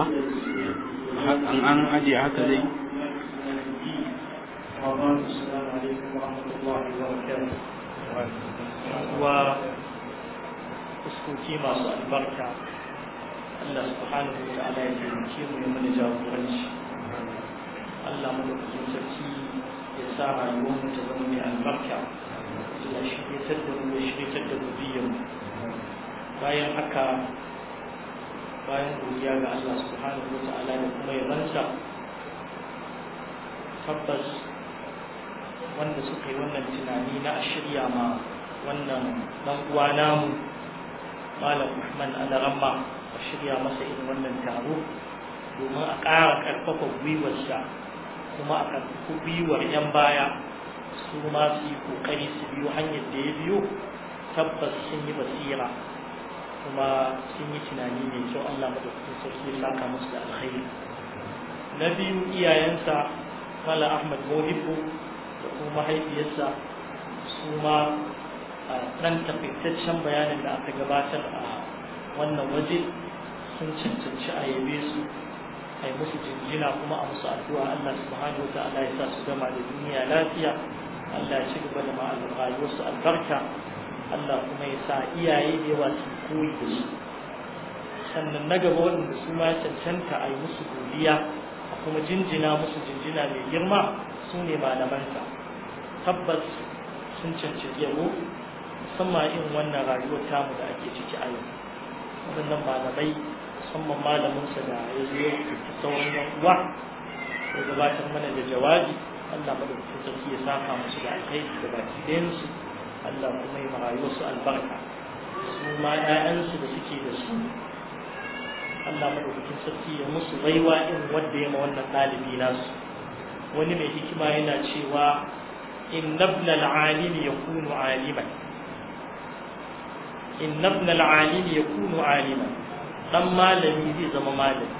kyauta an an ajiye haka zai wa fuskoki masu albarka Allah subhanahu wa ta'ala ya taimake mu ya mana jagoranci Allah mu sarki ya sa rayuwar mu ta zama mai albarka ya shirye da mu ya shirye da mu bayan haka bayan godiya ga Allah subhanahu wata'ala da kuma yabansa tabbas wanda suka yi wannan tunani na a shirya ma wannan dan uwa namu malam Usman al-Ramma, a shirya masa irin wannan taro domin a ƙara ƙarfafa gwiwarsa kuma a ƙarfafa gwiwar 'yan baya su ma su yi ƙoƙari su biyo hanyar da ya biyo tabbas sun yi basira kuma sun yi tunani mai kyau Allah madaukakin sarki ya saka musu da alkhairi na biyu iyayensa Mala Ahmad Mohibu da kuma mahaifiyarsa su ma a ɗan tafaitaccen bayanin da aka gabatar a wannan waje sun cancanci a yabe su a yi musu jinjina kuma a musu addu'a Allah subhanahu wa ta'ala ya sa su gama da duniya lafiya Allah ya ci gaba da ma'azin rayuwarsu albarka Allah kuma ya sa iyaye da yawa su koyi da shi sannan na gaba waɗanda su ma cancanta a yi musu godiya a kuma jinjina musu jinjina mai girma su ne malamanta tabbas sun cancanci yabo musamman irin wannan rayuwar tamu da ake ciki a yau waɗannan malamai musamman malaminsa da ya zo sauran yan uwa ya gabatar mana da jawabi Allah madaukakin sarki ya saka musu da alkhairi da baki ɗayansu Allah kuma ya marayu su albarka su ma ƴaƴansu da suke da su Allah madaukakin sarki ya musu baiwa irin wanda ya ma wannan ɗalibi nasu wani mai hikima yana cewa in ibn al ya kunu aliman in ibn al ya kunu aliman dan malami zai zama malami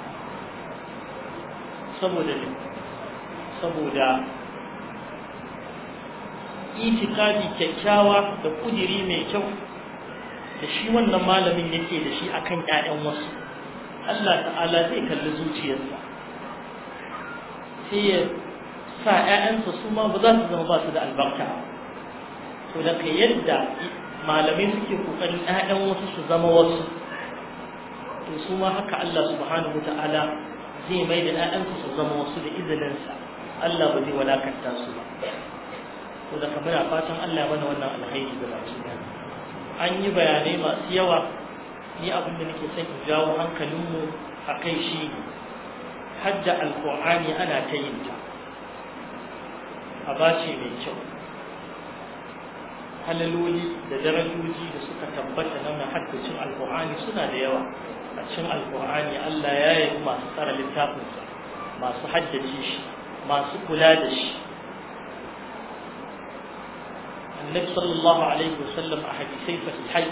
saboda saboda itikadi kyakkyawa da kudiri mai kyau da shi wannan malamin yake da shi akan ƴaƴan wasu Allah ta'ala zai kalli zuciyarsa sai ya sa ƴaƴansa su ma ba za su zama ba su da albarka to da ka yadda malamai suke kokarin ƴaƴan wasu su zama wasu to su ma haka Allah subhanahu ta'ala zai mai da ƴaƴansa su zama wasu da izininsa Allah ba zai walakanta su ba to da kamar fatan Allah mana wannan alkhairi da baki an yi bayanai masu yawa ni abin da nake son in jawo hankalinmu a kai shi hadda alkur'ani ana ta yin ta a bace mai kyau halaloli da darajoji da suka tabbata na mai haddacin alkur'ani suna da yawa a cikin alkur'ani Allah ya yi masu tsara littafinsa masu haddace shi masu kula da shi annabi sallallahu alaihi wasallam a hadisai sahihai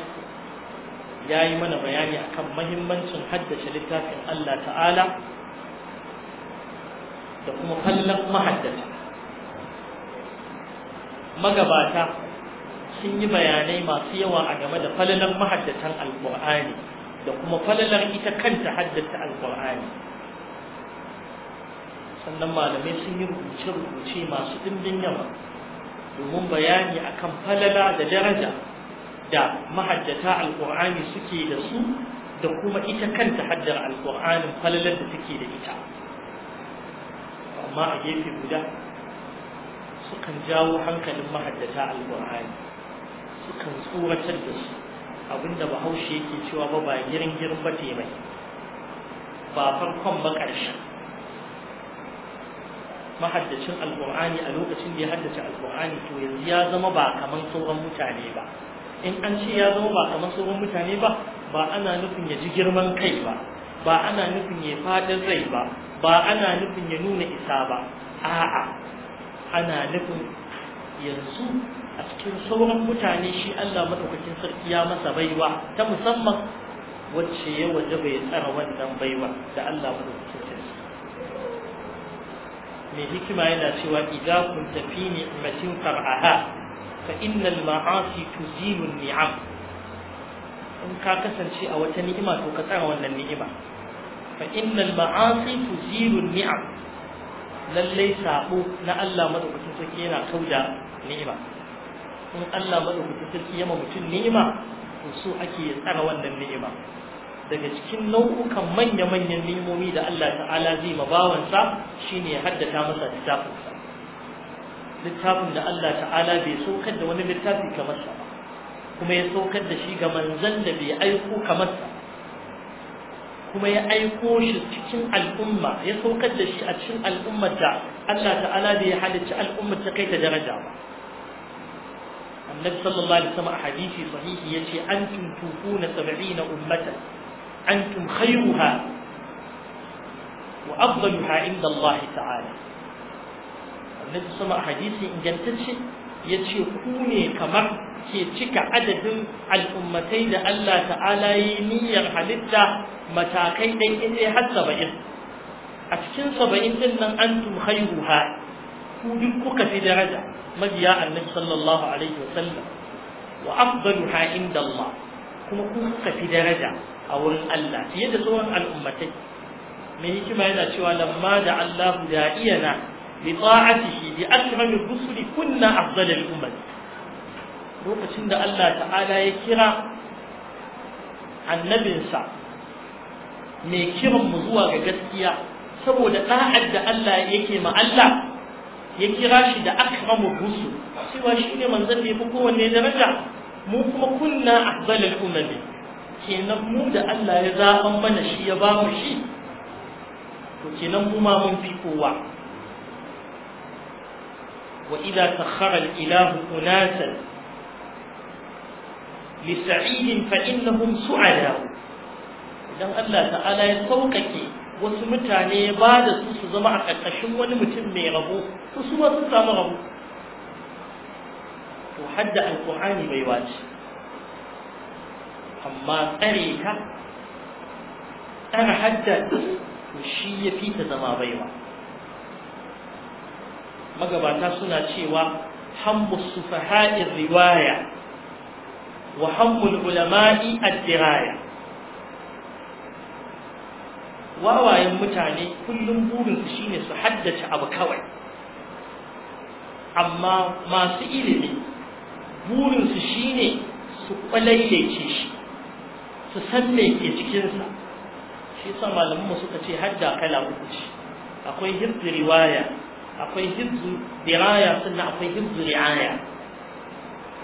ya yi mana bayani akan mahimmancin haddace littafin Allah ta'ala da kuma kallon mahaddata magabata sun yi bayanai masu yawa a game da falalar mahaddatan alkur'ani da kuma falalar ita kanta haddata alkur'ani sannan malamai sun yi rubuce-rubuce masu ɗimbin yawa domin bayani akan falala da daraja da mahajjata Alƙur'ani suke da su da kuma ita kanta haddar alqur'anin falalar da take da ita amma a gefe guda sukan jawo hankalin mahajjata Alƙur'ani, sukan tsoratar da su abinda bahaushe yake cewa ba ba girin girin ba te ba farkon ba ƙarshen mahaddacin alkur'ani a lokacin da ya haddace alkur'ani to yanzu ya zama ba kamar sauran mutane ba in an ce ya zama ba kamar sauran mutane ba ba ana nufin ya ji girman kai ba ba ana nufin ya faɗin rai ba ba ana nufin ya nuna isa ba a'a ana nufin yanzu a cikin sauran mutane shi Allah madaukakin sarki ya masa baiwa ta musamman wacce ya waje bai tsara wannan baiwa da Allah madaukakin sarki mai hikima yana cewa idza kunta fi ni'matin far'aha fa innal ma'asi tuzilu ni'am in ka kasance a wata ni'ima to ka tsara wannan ni'ima fa innal ma'asi tuzilu ni'am lallai sabo na Allah madaukakin sarki yana kauda ni'ima in Allah madaukakin sarki yama mutum ni'ima to so ake tsara wannan ni'ima daga cikin nau'ukan manya-manyan nimomi da Allah ta'ala zai ma bawansa shine ya haddata masa littafin littafin da Allah ta'ala bai saukar da wani littafi kamar sa ba kuma ya saukar da shi ga manzon da bai aiko kamar sa kuma ya aiko shi cikin al'umma ya saukar da shi a cikin al'ummar da Allah ta'ala bai halicci al'ummar ta kai ta daraja ba النبي صلى الله عليه وسلم حديث صحيح يتي أنتم توفون سبعين أمة أنتم خيرها وأفضلها عند الله تعالى النبي صلى الله عليه وسلم إن جنتش يتشي كوني كمر ke cika adadin al'ummatai da Allah ta'ala yi niyyar halitta matakai ɗan ɗaya har saba'in a cikin saba'in an tumhai ruha ku kuka fi daraja mabiya annabi sallallahu alaihi inda Allah kuma kuka fi daraja a wurin Allah fiye da tsohon al'ummatai mai hikima yana cewa lamma da Allah da'iyana bi ta'atihi bi akrami rusuli kunna afdal al-ummat lokacin da Allah ta'ala ya kira annabinsa mai kiran mu zuwa ga gaskiya saboda da'ad da Allah yake ma Allah ya kira shi da akramu rusul cewa shine manzon da yafi kowanne daraja mu kuma kunna afdalul umami kenan mu da Allah ya zaɓan mana shi ya ba mu shi to kenan mu ma mun fi kowa wa idza sakhara al-ilahu unasan li sa'idin fa innahum su'ada dan Allah ta'ala ya saukake wasu mutane ba da su su zama a ƙarƙashin wani mutum mai rabo su su ma sun samu rabo to hadda alqur'ani bai wace amma tsare ka tsare haddar to shi ya fi ta zama baiwa magabata suna cewa hammu sufaha'in riwaya wa hammul ulama'i addiraya wawayen mutane kullum burinsu shine su haddace abu kawai amma masu ilimi burinsu shine su kwalailece shi su san me ke cikinsa shi sa malamanmu suka ce hadda kala uku ce akwai hibzu riwaya akwai hirzu diraya sannan akwai hibzu riaya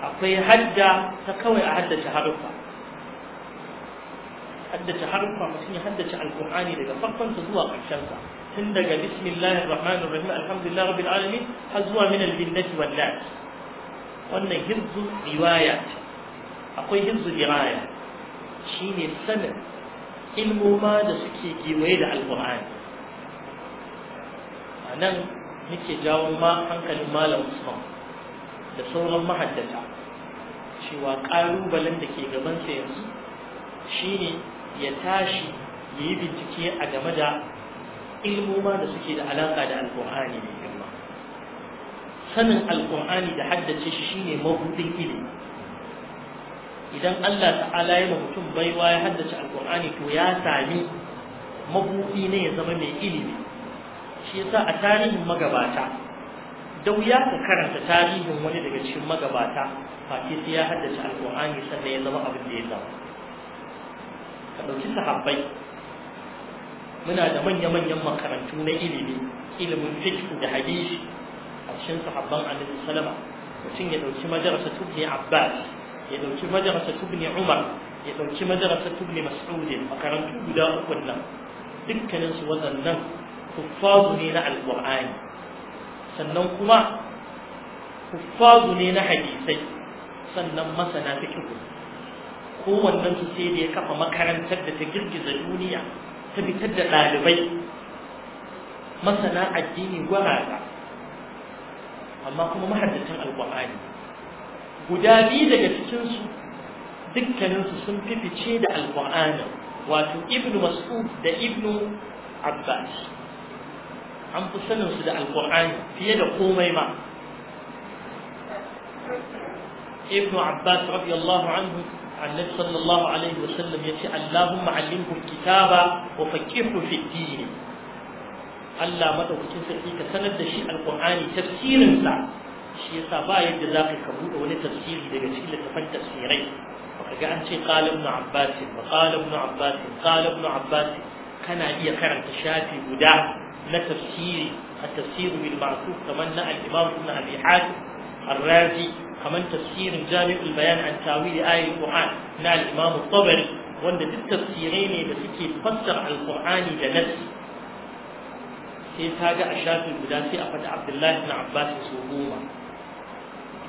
akwai hadda ta kawai a haddace haruffa haddace haruffa mutum ya haddace alkur'ani daga farkonsa zuwa ƙarshensa tun daga bismillahir rahmanir rahim alhamdulillahi rabbil alamin har zuwa min al aljinnati wal nas wannan hirzu riwaya akwai hibzu diraya shine sanin ilmoma da suke giwaye da alkur'ani a nan nake jawo ma hankalin malam usman da sauran mahaddata cewa ƙalubalen da ke gabansa yanzu ne ya tashi ya yi bincike a game da ilmoma da suke da alaƙa da alkur'ani mai girma sanin alƙur'ani da haddace shi shine mabuɗin ilimi idan Allah ta'ala ya ma mutum baiwa ya haddace alkur'ani to ya sami mabudi ne ya zama mai ilimi shi yasa a tarihin magabata da wuya ka karanta tarihin wani daga cikin magabata face sai ya haddace alkur'ani sannan ya zama abin da ya zama ka dauki sahabbai muna da manya-manyan makarantu na ilimi ilimin fiqh da hadisi a cikin sahabban annabi sallama mutum ya dauki madrasa tubni abbas ya dauki madrasa tubni umar ya dauki madrasa tubni mas'ud makarantu guda uku nan dukkanin su waɗannan kuffazu ne na alqur'ani sannan kuma kuffazu ne na hadisai sannan masana fiqh kowannen su sai da ya kafa makarantar da ta girgiza duniya ta fitar da ɗalibai masana addini gwarara amma kuma mahaddacin alqur'ani guda biyu daga cikinsu dukkaninsu sun fifice da alƙur'ani wato ibnu mas'ud da ibnu abbas an fi saninsu da alƙur'ani fiye da komai ma ibnu abbas radiyallahu anhu annabi sallallahu alaihi wasallam ya ci allahumma allimhu kitaba wa faqihu fi din Allah madaukakin sarki ka sanar da shi alƙur'ani tafsirinsa shi yasa ba yadda za ka buɗe wani tafsiri daga cikin littafan tafsirai ka ga an ce qala ibn abbas wa qala ibn abbas qala ibn abbas kana iya karanta shafi guda na tafsiri a tafsirin bil ma'suf kaman na al-imam ibn abi hatim ar-razi kamar tafsirin jami'ul bayan an tawili ayatul qur'an na al-imam at-tabari wanda duk tafsirai ne da suke fassara al-qur'ani da nassi sai ta ga a shafin guda sai a faɗi abdullahi na abbas su goma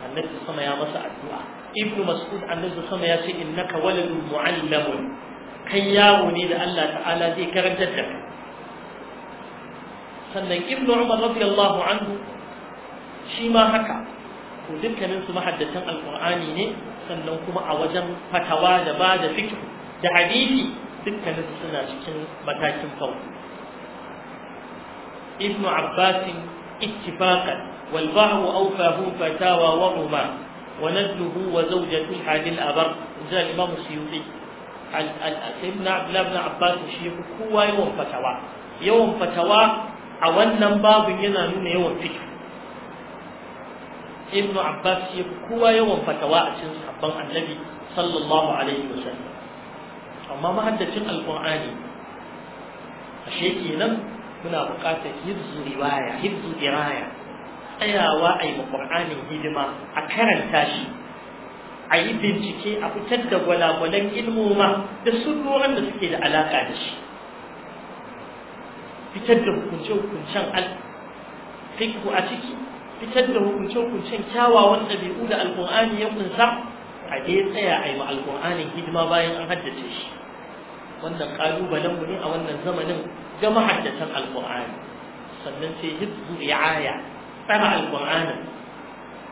annabi sama ya masa addu'a ibnu mas'ud annabi sama ya ce innaka waladun mu'allamun kai yawo ne da Allah ta'ala zai karantar da kai sannan ibnu umar radiyallahu anhu shi ma haka ko dukkanin su mahaddatan alqur'ani ne sannan kuma a wajen fatawa da ba da da hadisi dukkanin su suna cikin matakin farko ibnu abbas ittifaqan والبعض أوفاه فتاوى وغما ونزله وزوجة حال الأبر جاء الإمام السيوطي سيدنا عبد الله بن عباس الشيخ هو يوم فتوى يوم فتوى أولا باب ينالون يوم فكر ابن عباس الشيخ هو يوم فتوى أشن صحبان النبي صلى الله عليه وسلم أما ما حدثين القرآن الشيخ ينم هنا بقاتك يبزو رواية يبزو دراية tsayawa a yi ƙur'anin hidima a karanta shi a yi bincike a fitar da gwalagwalan ilmoma da surorin da suke da alaƙa da shi fitar da hukunce-hukuncen alfiku a ciki fitar da hukunce-hukuncen kyawawan ɗabi'u da alƙur'ani ya kunsa a dai tsaya a yi ma alƙur'anin hidima bayan an haddace shi wannan ƙalubalenmu ne a wannan zamanin ga mahaddatan alƙur'ani sannan sai hizbu ri'aya tsara alƙur'ani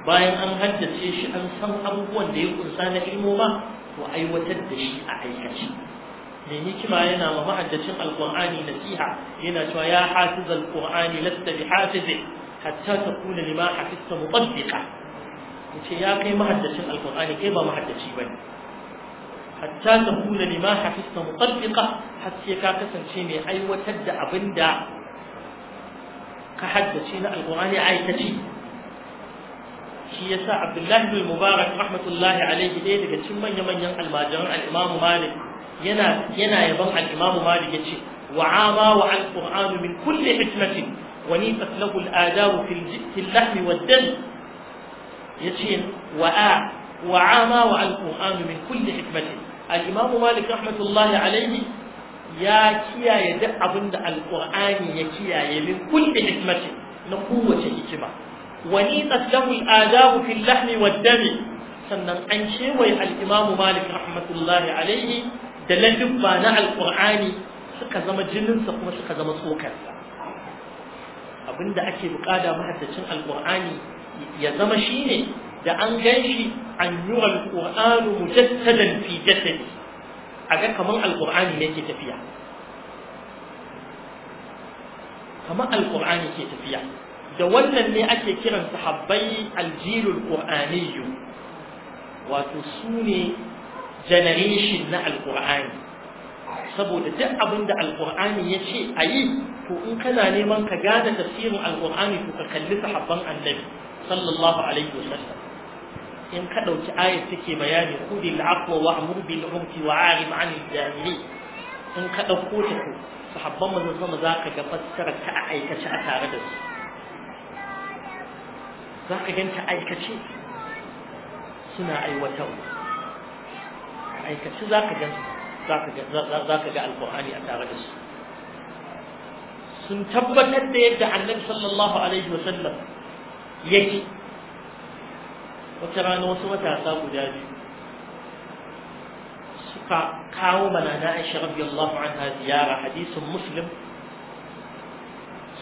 bayan an haddace shi an san abubuwan da ya kunsa na ilmu ba to aiwatar da shi a aikace mai hikima yana ma ma'addacin alƙur'ani nasiha yana cewa ya hafiz alƙur'ani lasta bi hafizi hatta takuna lima hafizta mutabbiqa yace ya kai ma'addacin alƙur'ani kai ba ma'addaci bane hatta takuna lima hafizta mutabbiqa har sai ka kasance mai aiwatar da abinda ka haddace na alqur'ani aikaci shi yasa abdullahi bin mubarak rahmatullahi alaihi ɗaya daga cikin manya-manyan almajiran al malik yana yana yaban al-imam malik yace wa'ama wa al min kulle hikmatin wa nifat lahu al-adab fil fil lahm wad dam yace wa'a wa'ama wa al min kulle hikmatin Al'imamu malik rahmatullahi alaihi ya kiyaye duk abin da alqur'ani ya kiyaye min kulli hikmati na kowace hikima wani tsaddahu al'adabu fil lahmi wad dami sannan an cewaye al-imamu malik rahmatullahi alaihi da ladubba na alqur'ani suka zama jininsa kuma suka zama tsokarsa abinda ake bukada mahaddacin alqur'ani ya zama shine da an ganshi an yi alqur'anu mujaddadan fi jasadi a ga kaman Alƙur'ani ne ke tafiya kaman alqur'ani ke tafiya da wannan ne ake kiran sahabbai aljilul qur'aniyyu wato su ne generation na Alƙur'ani, saboda duk abin da Alƙur'ani ya ce a yi to in kana neman ka gane tafsirin Alƙur'ani to ka kalli sahabban annabi sallallahu alaihi wasallam in ka ɗauki ayat take bayani kudi al'afwa wa amur bil urfi wa arif an al-jahili in ka ɗauko ta ko sahabban manzon sama zaka ga fassarar ta a aikace a tare da su Za ka ganta aikace suna aiwatarwa aikace za ka ganta zaka ga zaka ga alqur'ani a tare da su sun tabbatar da yadda annabi sallallahu alaihi wa sallam yake wata rana wasu matasa guda biyu suka kawo mana na aisha radiyallahu anha ziyara hadisin muslim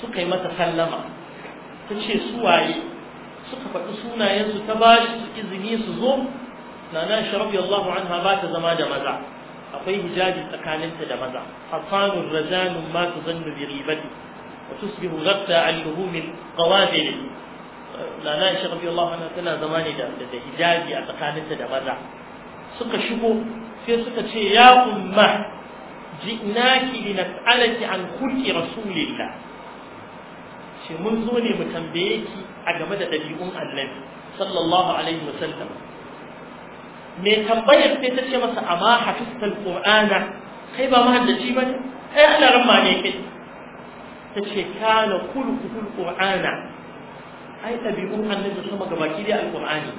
suka yi mata sallama ta ce su waye suka faɗi sunayensu ta ba shi izini su zo na na aisha radiyallahu anha ba ta zama da maza akwai hijabi tsakaninta da maza hasanun razanun ma tuzannu bi ribati wa tusbihu ghatta al-luhum qawabil nana Aisha Allah anha tana zama ne da da hijabi a tsakaninta da maza suka shigo sai suka ce ya umma ji'naki linas'alaki an kulli rasulillah shi mun zo ne mu tambaye ki a game da dabi'un annabi sallallahu alaihi sallam. me tambayar sai ta ce masa amma hafizta alqur'ana kai ba mahaddaci bane kai eh, Allah ramma ne kai ta ce kana kulku alqur'ana ai ɗabi'un annabi sama ga baki da alƙur'ani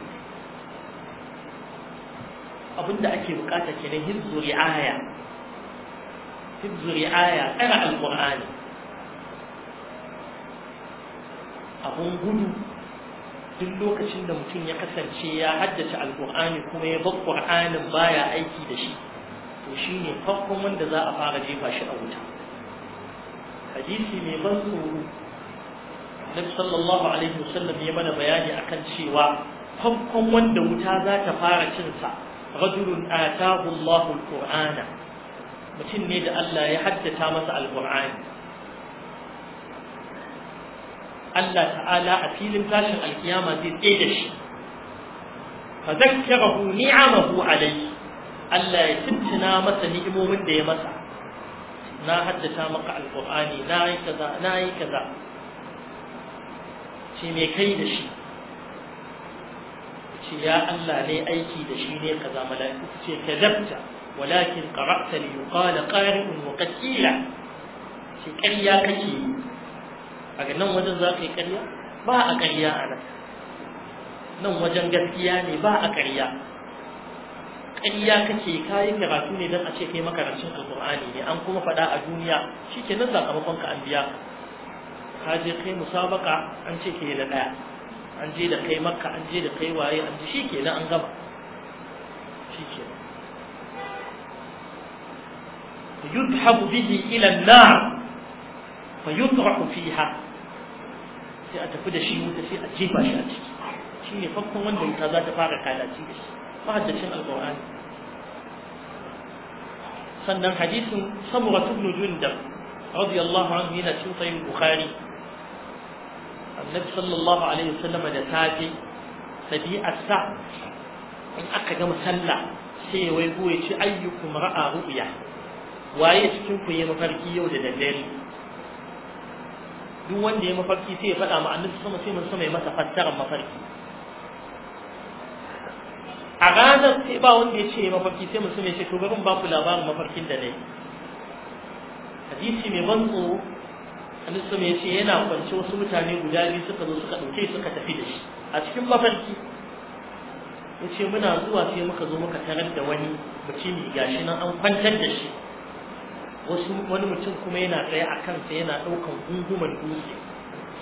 abinda ake bukata kenan hibzu ri'aya hibzu ri'aya tsara alƙur'ani abun gudu duk lokacin da mutum ya kasance ya haddace alƙur'ani kuma ya bar ƙur'anin baya aiki da shi to shine farkon wanda za a fara jefa shi a wuta hadisi mai ban tsoro Nabi sallallahu alaihi wasallam ya mana bayani akan cewa farkon wanda wuta za ta fara cin sa rajulun atahu Allahu alqur'ana mutum ne da Allah ya haddata masa alqur'ani Allah ta'ala a filin tashin alkiyama zai tsaye da shi fa zakkarahu ni'amahu alayhi Allah ya tuntuna masa ni'imomin da ya masa na haddata maka alqur'ani na yi kaza na yi kaza ce me kai da shi ce ya Allah ne aiki da shi ne kaza mala'iku ce ka kadabta walakin qara'ta li yuqala qari'un wa qad qila ce ƙarya kake yi a nan wajen za ka yi ƙarya ba a ƙarya a nan nan wajen gaskiya ne ba a ƙarya ƙarya kake kayi karatu ne don a ce kai makarancin alƙur'ani ne an kuma faɗa a duniya shi ke nan sakamakonka an biya ka je kai musabaka an ce ke da daya an je da kai makka an je da kai waye an ji shi ke an gama shi ke yudhabu bihi ila an-nar fa yutrahu fiha sai a tafi da shi wuta sai a jefa shi a ciki shi ne wanda wuta za ta fara kalaci da shi mahaddacin sannan hadisin samuratu ibn jundab yana cikin sahih annabi sallallahu alaihi wasallam da safe tabi'arsa in aka gama sallah sai wai go ya ce ayyukum ra'a ru'ya waye cikin ku yayi mafarki yau da daddare duk wanda ya mafarki sai ya faɗa ma annabi sama sai mun sama ya masa fassarar mafarki a ranar sai ba wanda ya ce mafarki sai mun sama ya ce to garin ba ku labarin mafarkin da nayi hadisi mai ban tsoro annabi ya ce yana kwance wasu mutane guda biyu suka zo suka dauke suka tafi da shi a cikin mafarki ya ce muna zuwa sai muka zo muka tarar da wani mutumi gashi nan an kwantar da shi wasu wani mutum kuma yana tsaye a kansa yana ɗaukan gunguman dutse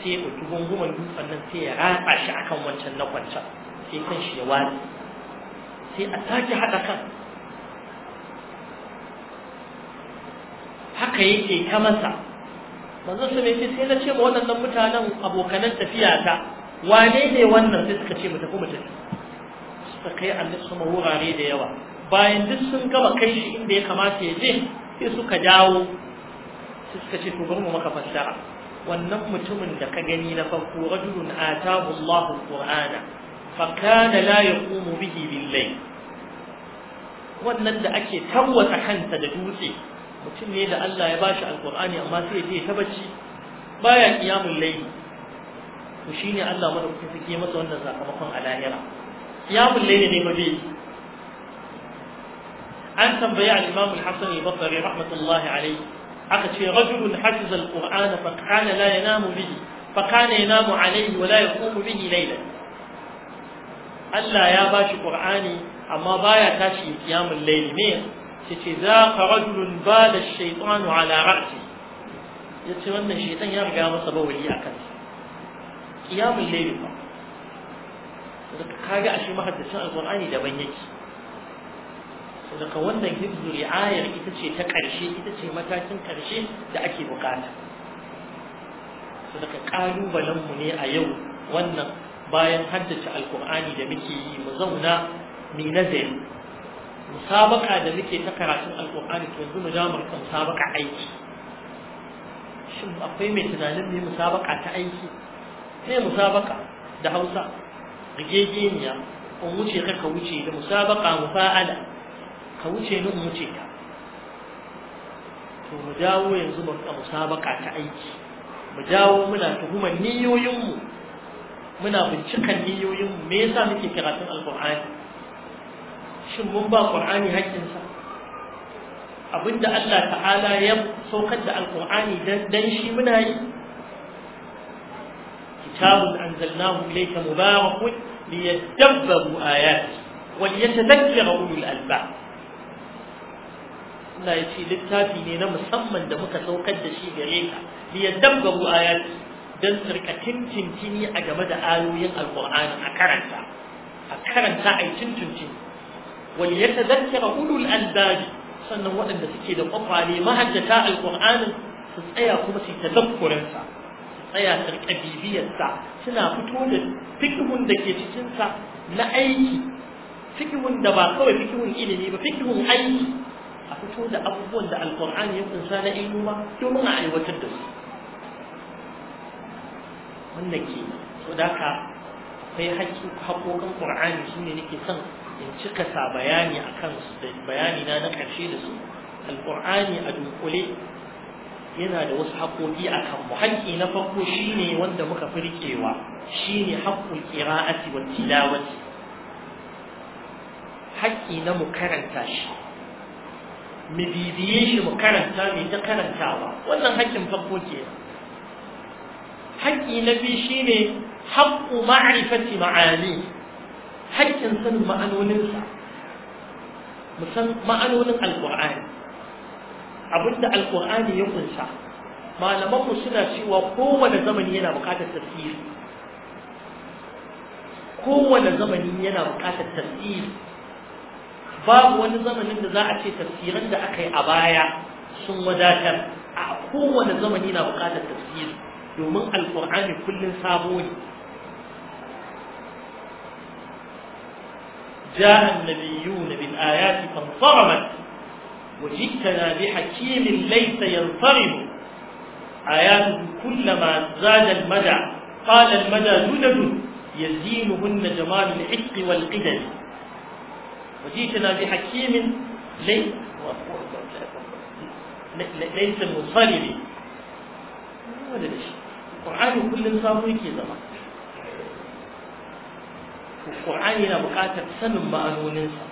sai ya ɗauki gunguman dutsen nan sai ya ratsa shi akan wancan na kwancan sai kan shi ya wani sai a sake haɗa kan haka yake ta masa manzo su mai sai na ce ma waɗannan mutanen abokanan tafiya ta wane ne wannan sai suka ce mu tafi mu tafi suka kai annabi sama wurare da yawa bayan duk sun gaba kai shi inda ya kamata ya je sai suka dawo sai suka ce to bari mu maka fassara wannan mutumin da ka gani na farko rajulun atahu Allahu qur'ana fa kana la yaqumu bihi wannan da ake tarwata kansa da dutse mutum ne da Allah ya bashi alqur'ani amma sai ya je ta bacci baya qiyamul layli to shine Allah madaukakin sarki masa wannan sakamakon a lahira Kiyamun layli ne ba bai an tambayi al-Imam al-Hasan al-Basri rahmatullahi alayhi aka ce rajulun hafiza al-Qur'ana fa kana la yanamu bihi fa kana yanamu alayhi wa la yaqumu bihi laylan Allah ya bashi Qur'ani amma baya tashi kiyamun layli ne yace za ka rajulun da shaytanu ala ra'si ce wannan shaytan ya riga masa bawali a kansa qiyamul layl ba kaga ashe mahaddacin alqur'ani daban yake daga wannan hibzu ri'ayar ita ce ta ƙarshe ita ce matakin ƙarshe da ake bukata daga ƙalubalen mu ne a yau wannan bayan haddace alkur'ani da muke yi mu zauna mu nazari musabaka da muke ta karatun alkur'ani to yanzu mu za mu rika aiki shin akwai mai tunanin mai musabaka ta aiki sai musabaka da hausa rigegeniya in wuce ka ka wuce da musabaka mufa'ala ka wuce ni in wuce ka to mu dawo yanzu mu rika musabaka ta aiki mu dawo muna tuhumar niyoyinmu muna bincikan niyoyinmu me yasa muke karatun alkur'ani shin mun ba qur'ani haƙƙinsa abinda Allah ta'ala ya saukar da alqur'ani dan dan shi muna yi kitabun anzalnahu ilayka mubarakun liyadabbaru ayati wa ulul albab Allah ya ce littafi ne na musamman da muka saukar da shi gare ka liyadabbaru ayati dan sirka tintintini a game da ayoyin alqur'ani a karanta a karanta ai tintintini wal yatadhakkara ulul albab sannan waɗanda suke da kwafa ne mahajjata alqur'anin su tsaya kuma su tadakkurin sa su tsaya su riƙa bibiyar suna fito da fikhun da ke cikin na aiki fikhun da ba kawai fikhun ilimi ba fikhun aiki a fito da abubuwan da alqur'ani ya kunsa na ilima domin a aiwatar da su wannan ke so da akwai haƙƙoƙin ƙur'ani shine nake son in cika sa bayani a kansu, da bayani na na karshe da su alqur'ani a dunkule yana da wasu haƙoƙi a kan mu haƙƙi na farko shine wanda muka fi riƙewa shine haƙƙul qira'ati wa tilawati haƙƙi na mu karanta shi mu bibiye shi mu karanta mai ta karantawa wannan haƙƙin farko ke haƙƙi na biyu shine haƙƙu ma'rifati ma'ani haƙƙin sanin ma'anoninsa musan ma'anonin alƙur'ani abinda alƙur'ani ya kunsa malamanmu suna cewa kowane zamani yana buƙatar tafsiri kowane zamani yana buƙatar tafsiri babu wani zamanin da za a ce tafsirin da aka yi a baya sun wadatar a kowane zamani yana buƙatar tafsiri domin alƙur'ani kullum sabo ne جاء النبيون بالآيات فانصرمت وجئتنا بحكيم ليس ينصرم آياته كلما زاد المدى قال المدى جدد يزينهن جمال العشق والقدر وجئتنا بحكيم ليس ليس منصرم ولا شيء القرآن كل صابر كذا Ƙur'ani yana buƙatar sanin ma'anoninsa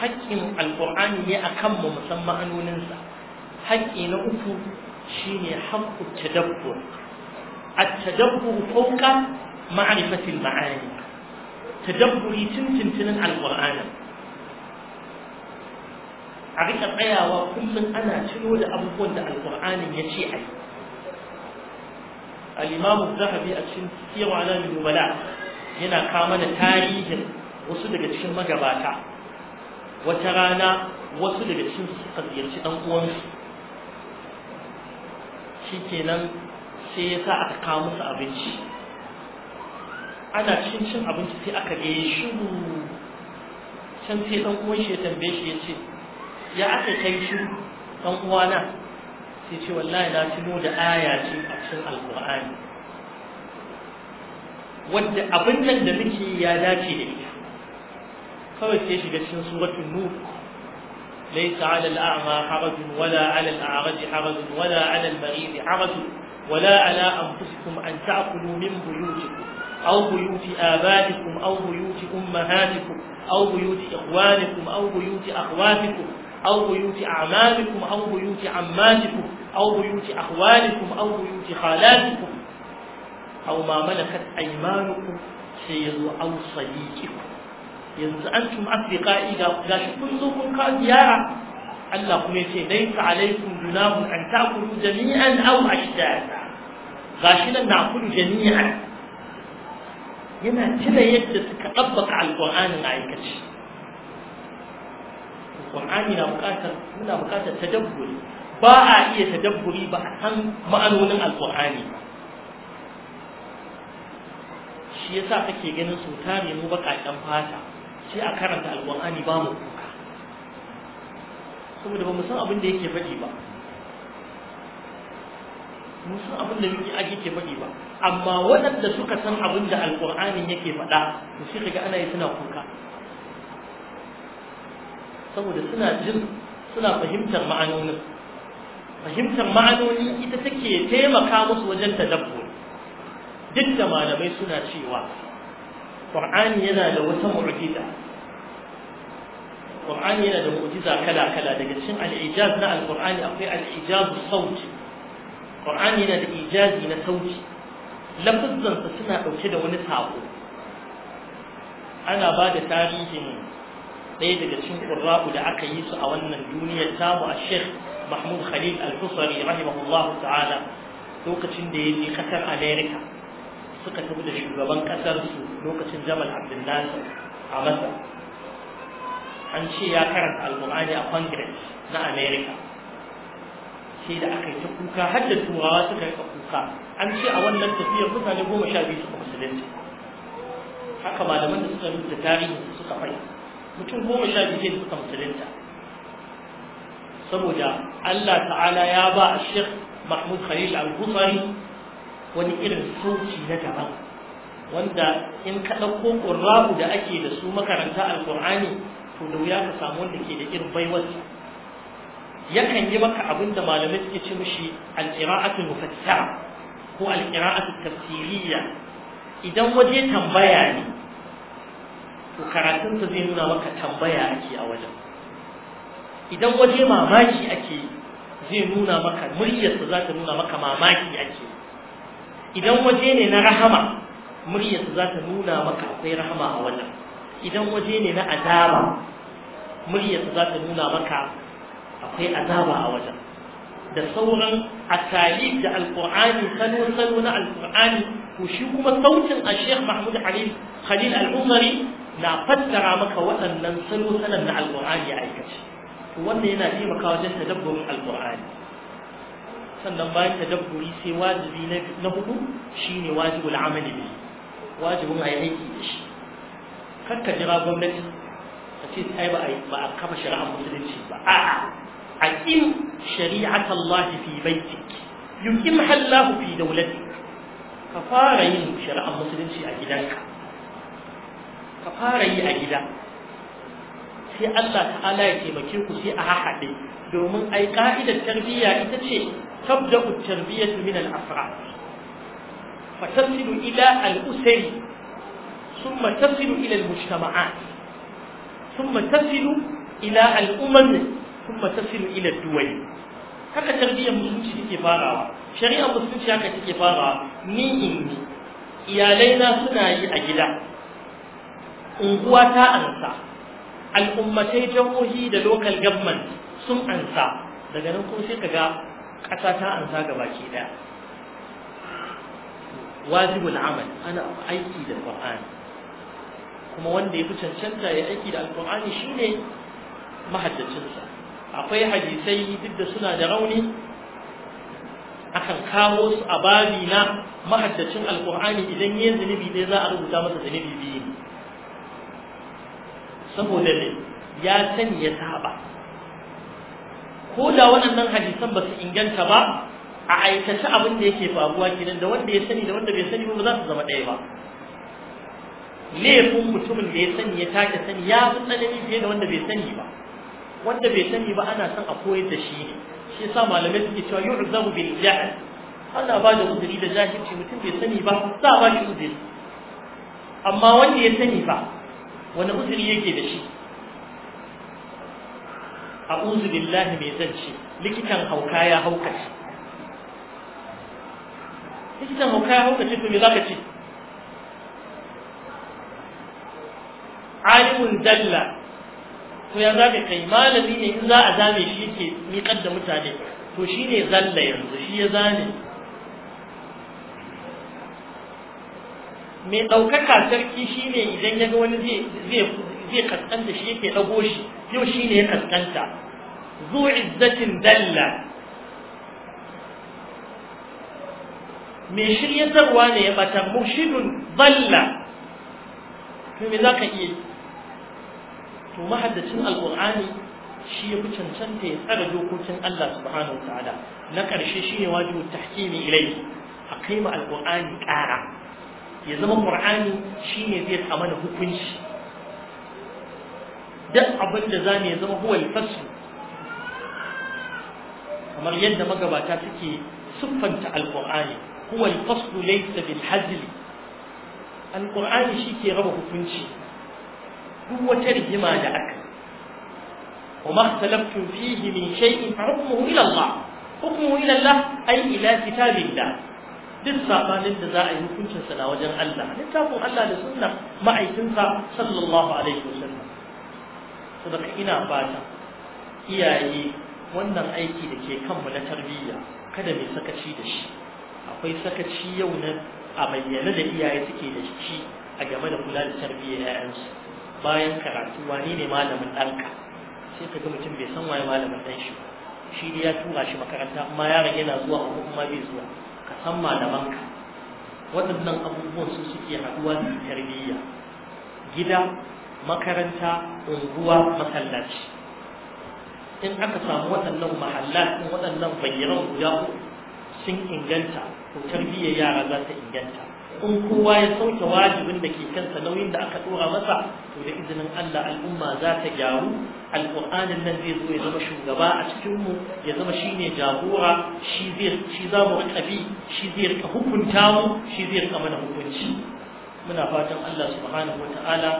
haƙƙin Al-Ƙur'ani ne a kan mu musan ma'anoninsa haƙƙi na uku shine haƙƙu tadabbur at-tadabbur fawqa ma'rifati maani tadabburi al alƙur'ani a riƙa tsayawa kullum ana tuno da abubuwan da alƙur'anin ya ce a yi al-imam zahabi a cikin sirr al-nubala yana kama da tarihin wasu daga cikin magabata wata rana wasu daga cikin suka ziyarci dan uwansu nan sai ya sa aka kawo musu abinci ana cikin cin abinci sai aka ga shiru can sai ɗan uwan shi ya tambaye shi ya ce ya aka kai shi ɗan uwana sai ce wallahi na tuno da aya ce a cikin Alƙur'ani. wanda abin nan da muke ya dace da ita kawai sai shiga cikin suratul nur laysa 'ala al-a'ma harajun wala 'ala al-a'raj harajun wala 'ala al-marid harajun wala 'ala anfusikum an ta'kulu min buyutikum أو بيوت آبائكم أو بيوت أمهاتكم أو بيوت إخوانكم أو بيوت أخواتكم أو بيوت أعمامكم أو بيوت عماتكم أو بيوت أخوالكم أو بيوت خالاتكم أو ما ملكت أيمانكم سيزو أو صديقكم ينزل أنتم أصدقائي لا شكون زوكم كأزيارة اللهم ليس عليكم جناب أن تأكلوا جميعا أو أشتاتا غاشنا نأكل جميعا ينا تلا يجلس كأبك على القرآن نعيكش القرآن من مكاتر من مكاتر تدبري باع إيه تدبري بحثا معنون القرآن القرآن shi yasa kake ganin su tare mu bakaƙen fata sai a karanta alƙur'ani ba mu kuka saboda ba mu san abin da yake faɗi ba mu san abin da yake aji ke faɗi ba amma waɗanda suka san abin da alƙur'ani yake faɗa to shi kaga ana yi suna kuka saboda suna jin suna fahimtar ma'anonin fahimtar ma'anoni ita take taimaka musu wajen tadabbur duk da malamai suna cewa ƙur'ani yana da wata mu'jiza Qur'ani yana da murgiza kala-kala daga cikin al na al akwai al-ijaz sauti yana da ijazi na sauti lafazan suna dauke da wani sako ana ba da tarihin ɗaya daga cikin qurra'u da aka yi su a wannan duniyar tamu a Sheikh Mahmud Khalil Al-Fusari rahimahullahu ta'ala lokacin da ya je kasar America suka tafi da shugaban ƙasarsu lokacin jamal abdullahi a masar an ce ya karanta alƙur'ani a congress na america sai da aka yi ta kuka har da turawa suka rika kuka an ce a wannan tafiyar mutane goma sha biyu suka musulunci haka malaman da suka rubuta tarihi suka fai mutum goma sha biyu ne suka musulunta saboda Allah ta'ala ya ba a Sheikh Mahmud Khalil Al-Ghufari wani irin sauci na daban wanda in ka ɗauko ƙurrabu da ake da su makaranta alƙur'ani to da wuya ka samu wanda ke da irin baiwarsa yakan yi maka abin da malamai suke ce mishi alƙira'atu mufassara ko alƙira'atu tafsiriyya idan waje tambaya ne to karatun karatunsa zai nuna maka tambaya ake a wajen idan waje mamaki ake zai nuna maka muryarsa za ta nuna maka mamaki ake idan waje ne na rahama muryarsa za ta nuna maka akwai rahama a wannan. idan waje ne na azaba muryarsa za ta nuna maka akwai azaba a wajen da sauran akalib da alkur'ani salo-salo na alkur'ani ko shi kuma sautin a sheikh mahmud khalil umari na fassara maka waɗannan salo-salon na alkur'ani a aikace wannan yana taimakawa wajen tadabburin alkur'ani sannan bayan tadabburi sai wajibi na hudu shine wajibul amali bi wajibin ayi aiki da shi kar jira gwamnati a ce ai ba ba a kafa shari'ar musulunci ba a'a in shari'at Allah fi baitik yuqim hallahu fi dawlatik ka fara yin shari'ar musulunci a gidanka ka fara yi a gida sai Allah ta'ala ya taimake ku sai a haɗe domin ai ka'idar tarbiyya ita ce tabda'u tarbiyyatu min al-afrad fa tasilu ila al sun thumma tasilu ila al sun thumma tasilu ila al sun thumma tasilu ila ad-duwal haka tarbiyyar musulunci take farawa shari'ar musulunci haka take farawa ni in ni iyalaina suna yi a gida unguwa ta ansa al'ummatai jihohi da local government sun ansa daga nan kuma sai kaga ƙasa ta ansa ga baki daya wajibul amal ana aiki da qur'ani kuma wanda ya fi cancanta ya aiki da alqur'ani shine mahaddacinsa akwai hadisai duk da suna da rauni akan kawo su a babi na mahaddacin alqur'ani idan ya zunubi ne za a rubuta masa zunubi biyu saboda ne ya sani ya saba ko da waɗannan hadisan ba su inganta ba a aikace abin da yake faruwa kenan da wanda ya sani da wanda bai sani ba za su zama ɗaya ba laifin mutumin da ya sani ya take sani ya fi tsanani fiye da wanda bai sani ba wanda bai sani ba ana son a koyar da shi ne shi yasa malamai suke cewa yu'zamu bil jahl ana ba da uzuri da jahilci mutum bai sani ba za a ba shi uzuri amma wanda ya sani ba wani uzuri yake da shi a billahi mai zance likitan hauka ya haukace likitan hauka ya haukace to me za ka ce alimun dalla to ya za ka kai malami ne in za a zame shi ke miƙar da mutane to shi ne zalla yanzu shi ya zane. mai ɗaukaka sarki shine idan ya ga wani zai kaskanta shi yake ɗago shi yau shi ne ya kaskanta zu izzatin dalla mai shiryatarwa ne ya bata murshidun dalla to me za ka iya to mahaddacin alƙur'ani shi ya fi cancanta ya tsara dokokin Allah subhanahu wa ta'ala na ƙarshe shi shine wajibu tahkimi ilai a kai ma alƙur'ani ƙara ya zama qur'ani shine zai kama da hukunci duk abin da zamu ya zama huwal fasl kamar yadda magabata suke siffanta alqur'ani huwal fasl laysa bil hazl alqur'ani shike raba hukunci duk wata rigima da aka وما اختلفتم فيه من شيء فحكمه إلى الله حكمه إلى الله أي إلى كتاب الله duk sabanin da za a yi hukuncin sa na wajen Allah littafin Allah da sunna ma'aikinsa sallallahu alaihi wasallam saboda ina fata iyaye wannan aiki da ke kanmu na tarbiyya kada mai sakaci da shi akwai sakaci yau na a bayyane da iyaye suke da shi a game da kula da tarbiyyar yayansu bayan karatu wani ne malamin ɗanka sai ka ga mutum bai san waye malamin ɗan shi shi ne ya tura shi makaranta amma yaron yana zuwa ko kuma bai zuwa ka san malamanka waɗannan abubuwan su suke haɗuwa da tarbiyya gida makaranta unguwa masallaci in aka samu waɗannan mahallat waɗannan bayyanan guda sun inganta to tarbiyyar yara za ta inganta in kowa ya sauke wajibin da ke kansa nauyin da aka dora masa to da izinin Allah al'umma za ta gyaru alƙur'anin nan zai zo ya zama shugaba a cikin mu ya zama shine jagora shi zai shi za mu rika bi shi zai rika hukunta mu shi zai rika mana hukunci muna fatan Allah subhanahu wataala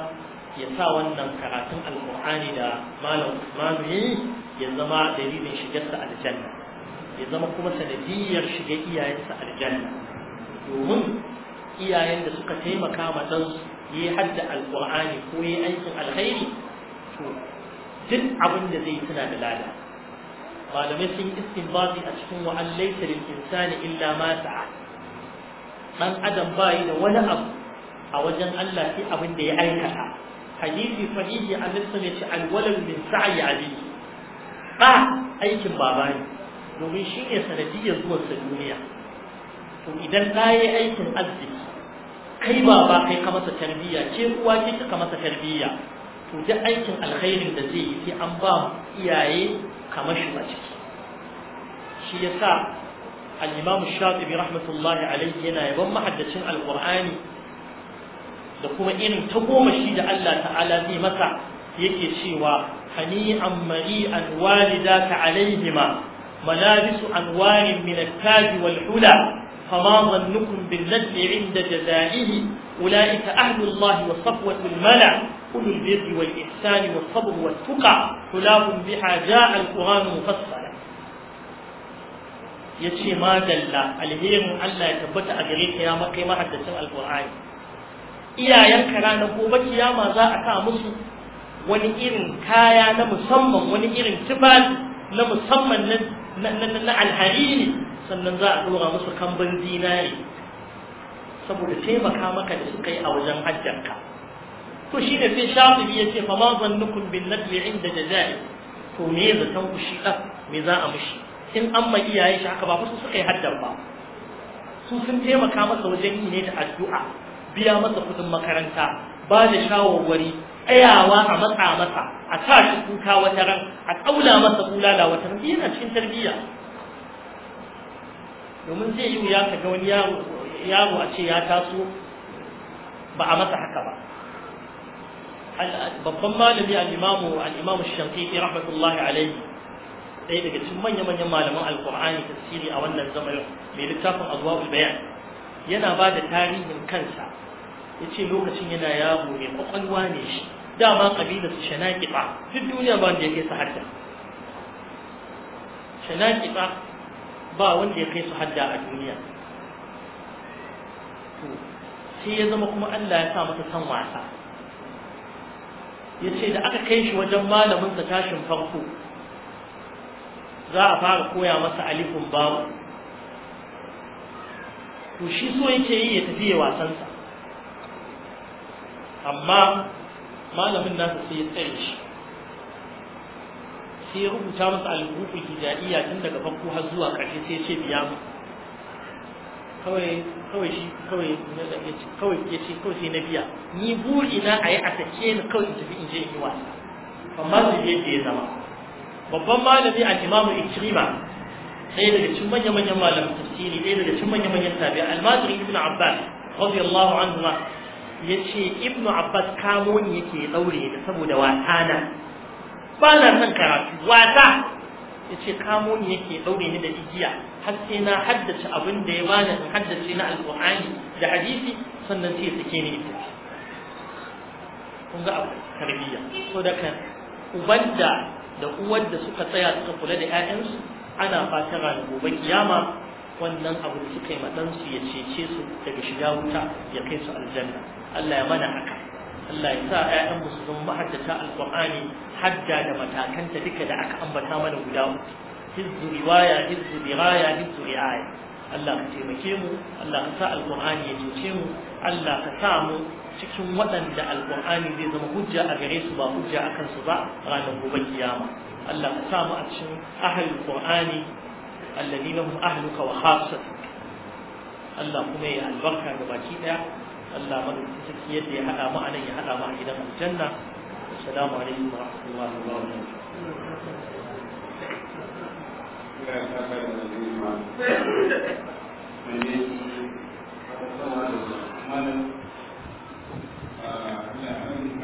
ya sa wannan karatun alƙur'ani da malam Usmanu ya zama dalilin shigarsa aljanna ya zama kuma sanadiyar shiga iyayensa aljanna domin iyayen da suka taimaka ma ɗansu ya yi hadda alƙur'ani ko ya yi aikin alkhairi to duk abin da zai tuna da lada malamai sun yi istinbati a cikin wa'an laisa lil insani illa ma sa'a dan adam bai da wani abu a wajen Allah sai abin da ya aikata hadisi sahihi annabi sun ce alwalad min sa'i ali ba aikin baba ne domin shine sanadiyar zuwa duniya to idan ɗaya aikin arziki kai baba kai ka masa tarbiyya ke uwa ke kika masa tarbiyya to duk aikin alkhairin da zai yi sai an ba iyaye kamar shi a ciki shi yasa al-Imam Shatibi rahmatullahi alayhi yana yaban mahaddacin alqur'ani da kuma irin ta goma shi da Allah ta'ala zai masa yake cewa hani'an mari'an walidaka alaihima ملابس أنوار من التاج والحلى فما ظنكم بالذي عند جزائه أولئك أهل الله وصفوة الملع أولو البر والإحسان والصبر والتقى حلاب بها جاء القرآن مفصلا يتشي ما دل الهير ألا يتبت أجريك يا مكي ما حدثنا القرآن إيا ينكر أن قوبك يا ما زاء كامسو wani irin kaya na musamman wani irin tibal na musamman na alhariri sannan za a ɗora musu kamban zinari saboda taimaka maka da suka yi a wajen hajjanka to shi da sai shafi ya ce fa ma zannukum bin nadli inda jaza'i to me za san ku shi ɗan me za a mishi in an ma iyaye shi haka ba su suka yi haddan ba su sun taimaka masa wajen yi ne da addu'a biya masa kuɗin makaranta ba da shawarwari tsayawa a matsa masa a sa shi kuka wata ran a ɗaula masa bulala wata ran yana cikin tarbiyya domin zai yi wuya ka ga wani yaro a ce ya taso ba a masa haka ba babban malami al-imamu al shafiqi rahmatullahi alaihi ɗaya daga cikin manya-manyan malaman alkur'ani tasiri a wannan zamanin mai littafin azwabul bayan yana ba da tarihin kansa ya ce lokacin yana yaro mai kwakwalwa ne shi dama kabila su shanaƙiɓa duk duniya ba wanda ya kai su harda shanaƙiɓa ba wanda ya kai su hadda a duniya sai ya zama kuma Allah ya sa masa san wasa ya ce da aka kai shi wajen malaminsa tashin farko za a fara koya masa alifin babu to shi so yake yi ya tafi ya wasansa amma malamin nasa sai ya tsaye shi sai rubuta masa alhuku hijaiya tun daga farko har zuwa ƙarshe sai ce biya mu kawai kawai shi kawai kawai ya ce kawai sai na biya ni buri na a yi a sake ni kawai in tafi in je in yi wasa amma su je ya zama babban malami a imamu ikrima ɗaya daga cikin manya-manyan malamin tafsiri ɗaya daga cikin manya-manyan tabi'a almajiri Ibn abbas radiyallahu anhu ya ce Ibn abbas kamo ni yake daure da saboda wasana bana na son karatu wasa yace kamo ni yake ɗaure ni da igiya har sai na haddace abin da ya bani in haddace na alqur'ani da hadisi sannan sai ya sake ni ita kun ga abu tarbiyya so da kan ubanda da uwar da suka tsaya suka kula da 'ya'yansu ana fata ranar gobe kiyama wannan abu da suka yi su ya cece su daga shiga wuta ya kai su aljanna Allah ya mana haka Allah ya sa ƴaƴan su zama mahaddata alqur'ani hadda da matakanta duka da aka ambata mana guda uku hizzu riwaya hizzu diraya hizzu riaya Allah ka taimake mu Allah ka sa alqur'ani ya cece mu Allah ka sa mu cikin waɗanda alqur'ani zai zama hujja a gare su ba hujja a kansu ba ranar gobe kiyama Allah ka sa mu a cikin ahlul qur'ani alladhina hum ahluka wa khassatuk Allah kuma ya albarka ga baki daya Allah madaukakin sarki yadda ya hada mu anan ya hada mu a gidan aljanna assalamu alaikum wa rahmatullahi wa barakatuh